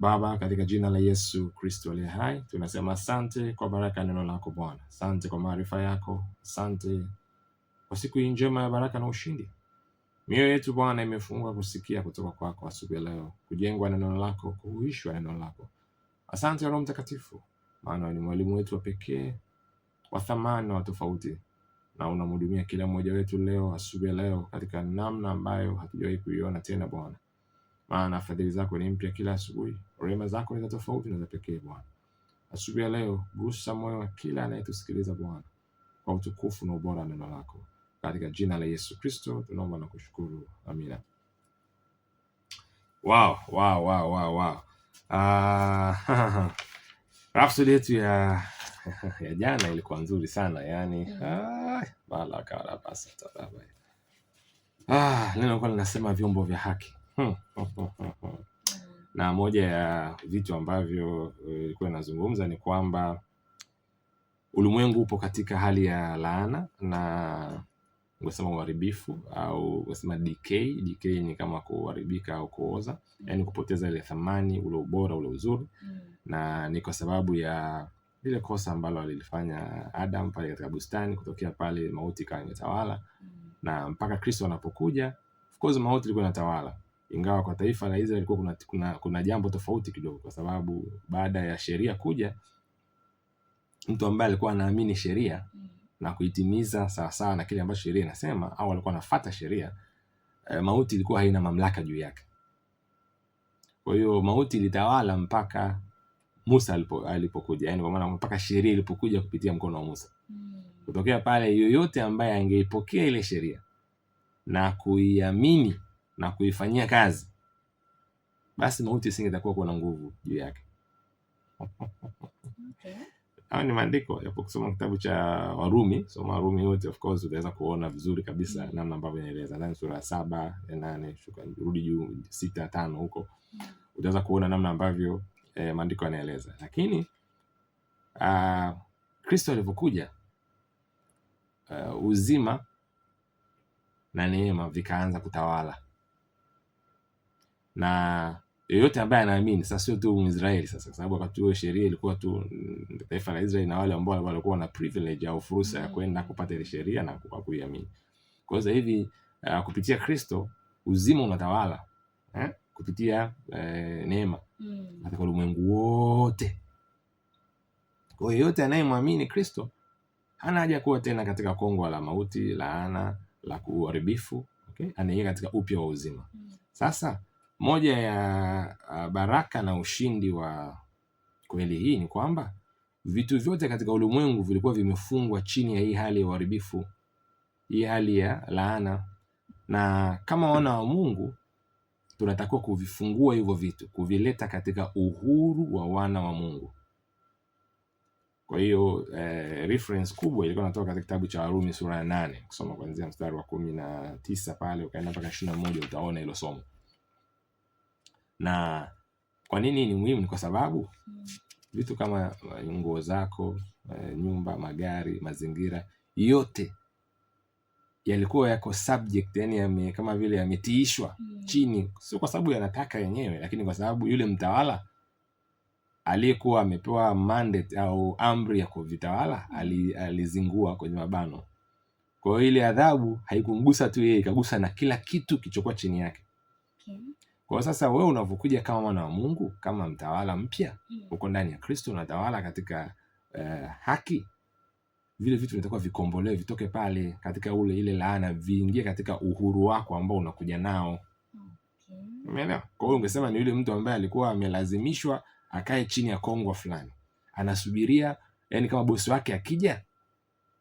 Baba, katika jina la Yesu Kristo aliye hai, tunasema asante kwa baraka ya neno lako Bwana, asante kwa maarifa yako, asante kwa siku hii njema ya baraka na ushindi. Mioyo yetu Bwana imefungua kusikia kutoka kwako asubuhi ya leo, kujengwa neno lako, kuhuishwa neno lako. Asante Roho Mtakatifu, maana ni mwalimu wetu wa pekee wa thamani na wa tofauti, na unamhudumia kila mmoja wetu leo asubuhi ya leo katika namna ambayo hatujawahi kuiona tena Bwana maana fadhili zako ni mpya kila asubuhi, rehema zako ni za tofauti na za pekee. Bwana, asubuhi ya leo gusa moyo wa kila anayetusikiliza Bwana, kwa utukufu na ubora wa neno lako, katika jina la Yesu Kristo tunaomba na kushukuru, amina. Wow, wow, wow, wow, wow. Uh, yetu ya, ya jana ilikuwa nzuri sana yani mm. Ah, ah, leo nilikuwa vyombo vya haki Na moja ya vitu ambavyo eh, ilikuwa inazungumza ni kwamba ulimwengu upo katika hali ya laana na ungesema uharibifu au ungesema decay. Decay ni kama kuharibika au kuoza, yaani kupoteza ile thamani, ule ubora, ule uzuri mm. na ni kwa sababu ya lile kosa ambalo alilifanya Adam pale katika bustani, kutokea pale mauti ikawa imetawala mm. na mpaka Kristo anapokuja, of course mauti ilikuwa inatawala ingawa kwa taifa la Israeli kulikuwa kuna, kuna, kuna jambo tofauti kidogo, kwa sababu baada ya sheria kuja, mtu ambaye alikuwa anaamini sheria na kuitimiza sawasawa na kile ambacho sheria inasema au alikuwa anafuata sheria e, mauti ilikuwa haina mamlaka juu yake. Kwa hiyo mauti ilitawala mpaka Musa alipo, alipokuja, yani kwa maana mpaka sheria ilipokuja kupitia mkono wa Musa. Hmm. Kutokea pale, yoyote ambaye angeipokea ile sheria na kuiamini na kuifanyia kazi, basi mauti isingetakuwa kuwa na nguvu juu yake. Okay. Hayo ni maandiko yapo kusoma kitabu cha Warumi. Soma Warumi yote, of course utaweza kuona vizuri kabisa mm -hmm. namna ambavyo inaeleza ndani sura ya saba ya nane shuka rudi juu sita tano huko mm utaweza kuona namna ambavyo eh, maandiko yanaeleza, lakini uh, Kristo alivyokuja uh, uzima na neema vikaanza kutawala mm na yoyote ambaye anaamini sasa, sio tu Mwisraeli sasa, kwa sababu wakati huo sheria ilikuwa tu mm, taifa la Israeli na wale ambao walikuwa na privilege au fursa ya mm. kwenda kupata ile sheria na kuiamini. Kwa hiyo sasa hivi uh, kupitia Kristo uzima unatawala eh? kupitia eh, neema mm. katika ulimwengu wote. Kwa hiyo yote anayemwamini Kristo hana haja kuwa tena katika kongwa la mauti, laana la kuharibifu, okay? anaingia katika upya wa uzima mm. Sasa moja ya baraka na ushindi wa kweli hii ni kwamba vitu vyote katika ulimwengu vilikuwa vimefungwa chini ya hii hali ya uharibifu, hii hali ya laana, na kama wana wa Mungu tunatakiwa kuvifungua hivyo vitu, kuvileta katika uhuru wa wana wa Mungu. Kwa hiyo eh, reference kubwa ilikuwa natoka katika kitabu cha Warumi sura ya nane, kusoma kuanzia mstari wa kumi na tisa pale ukaenda mpaka ishirini na moja utaona hilo somo. Na kwa nini ni muhimu? Ni kwa sababu hmm. vitu kama eh, nguo zako, eh, nyumba, magari, mazingira yote yalikuwa yako subject, yani yame, kama vile yametiishwa mm. chini, sio kwa sababu yanataka yenyewe, lakini kwa sababu yule mtawala aliyekuwa amepewa mandate au amri ya kuvitawala hmm. alizingua kwenye mabano. Kwa hiyo ile adhabu haikumgusa tu yeye, ikagusa na kila kitu kilichokuwa chini yake okay. Kwa sasa wewe unavyokuja kama mwana wa Mungu, kama mtawala mpya, mm. uko ndani ya Kristo, unatawala katika uh, haki, vile vitu vinatakiwa vikombolewe, vitoke pale katika ule ile laana, viingie katika uhuru wako ambao unakuja nao. Umeelewa? Kwa hiyo ungesema ni yule mtu ambaye alikuwa amelazimishwa akae chini ya kongwa fulani, anasubiria yani kama bosi wake akija,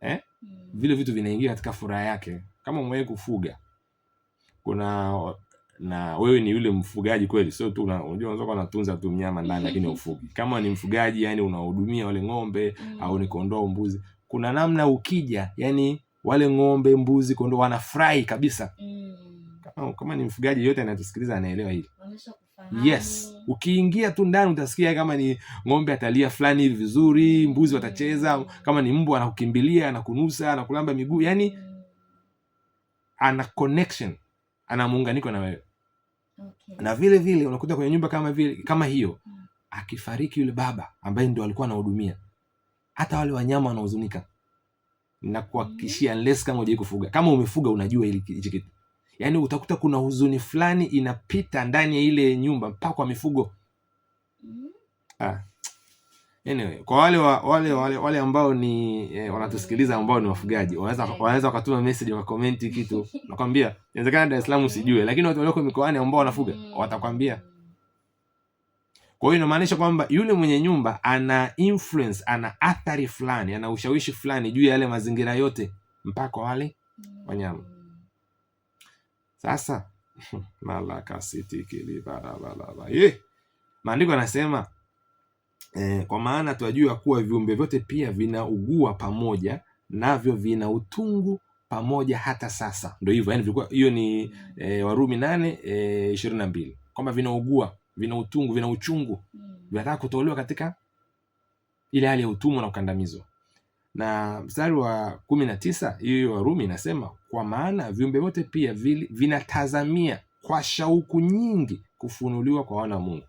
eh? Mm. Vile vitu vinaingia katika furaha yake. Kama mwewe kufuga, kuna na wewe ni yule mfugaji kweli, sio tu unajua, unaweza kuwa unatunza tu mnyama ndani lakini ufugi. Kama ni mfugaji, yani unahudumia wale ng'ombe mm. au ni kondoo, mbuzi, kuna namna ukija, yani wale ng'ombe, mbuzi, kondoo wanafurahi kabisa mm. kama, kama ni mfugaji yote anatusikiliza anaelewa hili Yes, ukiingia tu ndani utasikia kama ni ng'ombe atalia fulani hivi vizuri, mm. mbuzi watacheza, kama ni mbwa anakukimbilia, anakunusa, anakulamba miguu, yani mm. ana connection, ana muunganiko na wewe okay. Na vile vile unakuta kwenye nyumba kama vile kama hiyo mm. Akifariki yule baba ambaye ndo alikuwa anahudumia, hata wale wanyama wanahuzunika na kuhakikishia, hmm. unless kama hujai kufuga. Kama umefuga unajua hili kitu, yaani utakuta kuna huzuni fulani inapita ndani ya ile nyumba mpaka kwa mifugo mm. ah. Anyway, kwa wale wa, wale wale wale ambao ni eh, wanatusikiliza ambao ni wafugaji wanaweza wanaweza wakatuma message wa comment kitu, nakwambia inawezekana Dar es Salaam usijue, lakini watu walioko mikoani ambao wanafuga mm. watakwambia. Kwa hiyo inamaanisha kwamba yule mwenye nyumba ana influence, ana athari fulani, ana ushawishi fulani juu ya yale mazingira yote mpaka wale mm. wanyama. Sasa malaka malakasitikiiaaa eh, maandiko anasema Eh, kwa maana tunajua kuwa viumbe vyote pia vinaugua pamoja, navyo vina utungu pamoja hata sasa. Ndio hivyo yani, vilikuwa hiyo ni eh, Warumi nane e, ishirini na mbili kwamba vinaugua, vina utungu, vina uchungu, vinataka kutolewa katika ile hali ya utumwa na ukandamizo. Na mstari wa kumi na tisa hiyo Warumi inasema kwa maana viumbe vyote pia vinatazamia kwa shauku nyingi kufunuliwa kwa wana wa Mungu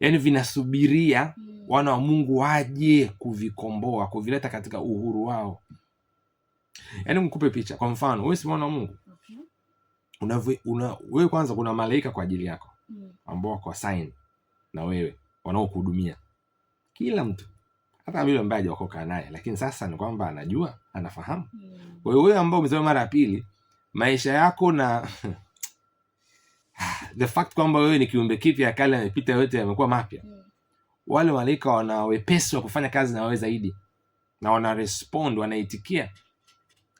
yani vinasubiria hmm. wana wa Mungu waje kuvikomboa, kuvileta katika uhuru wao. Yani nikupe picha, kwa mfano wewe si mwana wa Mungu okay. Una, wewe kwanza kuna malaika kwa ajili yako hmm. ambao wako sign na wewe wanaokuhudumia kila mtu hata yule ambaye hajaokoka naye, lakini sasa ni kwamba anajua, anafahamu. Hmm. Kwa hiyo wewe ambao umezaliwa mara ya pili, maisha yako na the fact kwamba wewe ni kiumbe kipya, kale amepita yote yamekuwa mapya mm. Wale malaika wana wepesi wa kufanya kazi na wawe zaidi, na wana respond, wanaitikia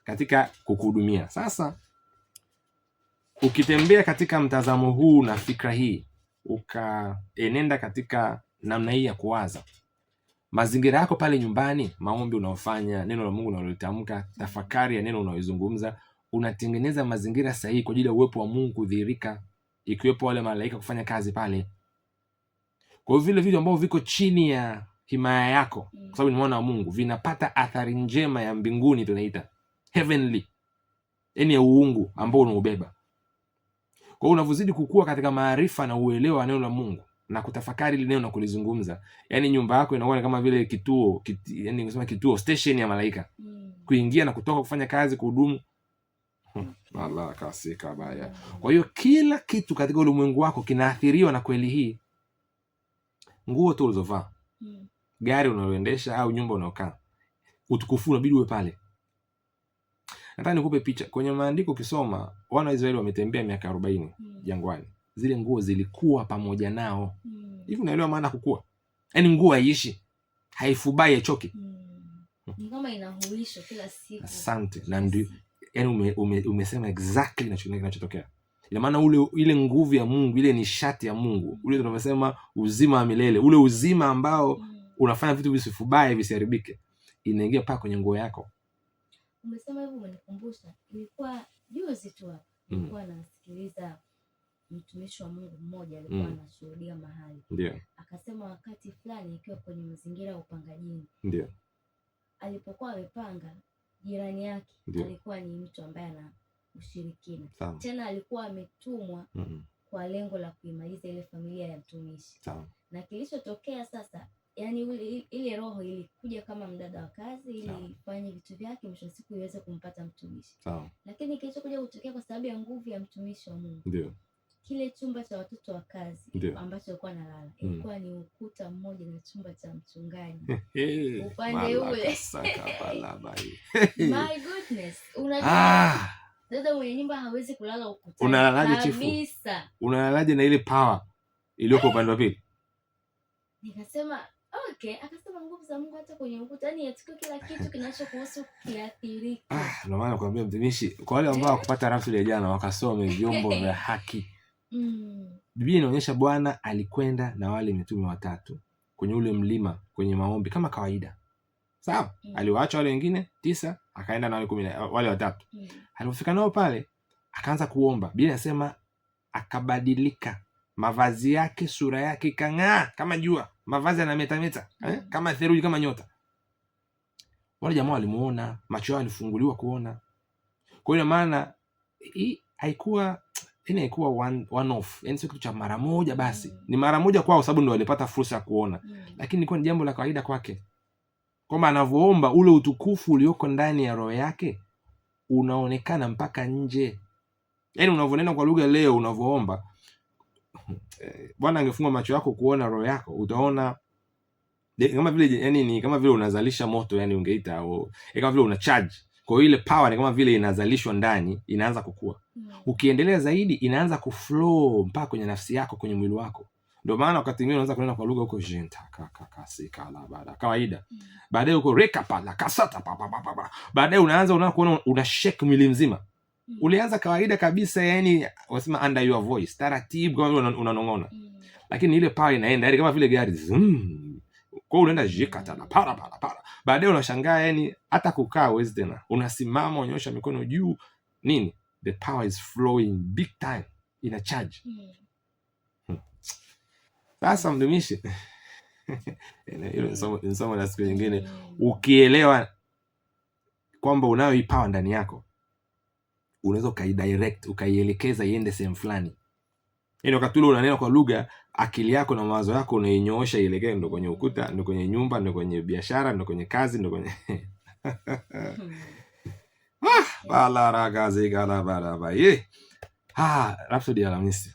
katika kukuhudumia. Sasa ukitembea katika mtazamo huu na fikra hii, ukaenenda katika namna hii ya kuwaza mazingira yako pale nyumbani, maombi unaofanya, neno la Mungu unalolitamka, tafakari ya neno unaoizungumza, unatengeneza mazingira sahihi kwa ajili ya uwepo wa Mungu kudhihirika ikiwepo wale malaika kufanya kazi pale. Kwa hiyo vile vitu ambavyo viko chini ya himaya yako, kwa mm. sababu ni mwana wa Mungu, vinapata athari njema ya mbinguni, tunaita heavenly, yani ya uungu ambao unaubeba. Kwa hiyo unavyozidi kukua katika maarifa na uelewa wa neno la Mungu na kutafakari ile neno na kulizungumza, yani nyumba yako inakuwa kama vile kituo kit, yani kusema kituo station ya malaika mm. kuingia na kutoka, kufanya kazi, kuhudumu Allah kasika baya. Mm. Kwa hiyo kila kitu katika ulimwengu wako kinaathiriwa na kweli hii, nguo tu ulizovaa, mm. gari unaloendesha au nyumba unaokaa, utukufu unabidi uwe pale. Nataka nikupe picha kwenye maandiko. Ukisoma wana wa Israeli wametembea miaka arobaini mm. jangwani, zile nguo zilikuwa pamoja nao hivi Unaelewa maana kukua, yaani nguo haiishi, haifubai, haichoki mm. Asante, na ndio yani ume, ume, umesema exactly kinachotokea. Ina maana ule ile nguvu ya Mungu, ile nishati ya Mungu, ule tunavyosema uzima wa milele, ule uzima ambao mm. unafanya vitu visifubae visiharibike, inaingia mpaka kwenye nguo yako. Umesema hivyo, umenikumbusha. Ilikuwa juzi tu hapa mm. nilikuwa nasikiliza mtumishi wa Mungu mmoja alikuwa mm. anashuhudia mahali ndio akasema, wakati fulani ikiwa kwenye mazingira ya upangajini, ndio alipokuwa amepanga jirani yake alikuwa ni mtu ambaye ana ushirikina, tena alikuwa ametumwa mm -hmm. kwa lengo la kuimaliza ile familia ya mtumishi. Na kilichotokea sasa, yani ile roho ilikuja kama mdada wa kazi ili ifanye vitu vyake, mwisho wa siku iweze kumpata mtumishi. Lakini kilichokuja kutokea kwa sababu ya nguvu ya mtumishi wa Mungu kile chumba cha watoto wa kazi ambacho alikuwa nalala hmm. ilikuwa mm. ni ukuta mmoja na chumba cha mchungaji upande ule my goodness unajua ah. dada mwenye nyumba hawezi kulala ukutani unalalaje chifu unalalaje na ile power iliyoko eh! upande wa pili nikasema Okay, akasema nguvu za Mungu hata kwenye ukuta, yaani yatukio kila kitu kinachokuhusu kiathirika. Ah, ndio maana nakwambia mtumishi, kwa wale ambao eh! wakupata rasuli ya jana wakasome vyombo vya haki Mm. Biblia inaonyesha Bwana alikwenda na wale mitume watatu kwenye ule mlima kwenye maombi kama kawaida, sawa. Mm. Aliwaacha wale wengine tisa, akaenda na wale kumi, wale watatu. Mm. Alipofika nao pale, akaanza kuomba. Biblia inasema akabadilika mavazi yake, sura yake ikang'aa kama jua, mavazi yanametameta eh? mm. eh? kama theluji, kama nyota. Wale jamaa walimuona, macho yao yalifunguliwa kuona. Kwa hiyo maana hii haikuwa tena ikuwa one, one off, yani sio kitu cha mara moja basi. Mm. Ni mara moja kwao, sababu ndio walipata fursa ya kuona, mm. lakini ilikuwa ni jambo la kawaida kwake, kwamba anavyoomba ule utukufu ulioko ndani ya roho yake unaonekana mpaka nje. Yani unavyonena kwa lugha leo, unavyoomba eh, Bwana angefunga macho yako kuona roho yako, utaona kama vile yani, ni kama vile unazalisha moto yani, ungeita au eh, kama vile una charge. Kwa hiyo ile power ni kama vile inazalishwa ndani, inaanza kukua ukiendelea zaidi inaanza kuflow mpaka kwenye nafsi yako, kwenye mwili wako. Ndio maana wakati mwingine unaweza kunena kwa lugha huko jenta jentakakasikaabada kawaida, mm. baadaye huko reka rekapala kasata papapapa, baadaye unaanza unaona kuona una shake mwili mzima. Mm. Ulianza kawaida kabisa, yani wasema under your voice, taratibu kama vile unanong'ona, mm. lakini ile power inaenda, yani kama vile gari zoom kwa unaenda jikata na para para para, baadaye unashangaa, yani hata kukaa uwezi tena, unasimama unyosha mikono juu nini the power is flowing big time, a charge sasa. Mtumishi, hilo ni somo la siku nyingine. Hmm. Ukielewa kwamba unayo hii power ndani yako, unaweza ukaidirect, ukaielekeza iende sehemu fulani, yaani wakati ule unanena kwa lugha akili yako na mawazo yako unainyoosha ielekee, ndo kwenye ukuta, ndo kwenye nyumba, ndo kwenye biashara, ndo kwenye kazi, ndo kwenye hmm. Ah, Balaragazi galabaraba. Ah, rhapsody ya Alhamisi.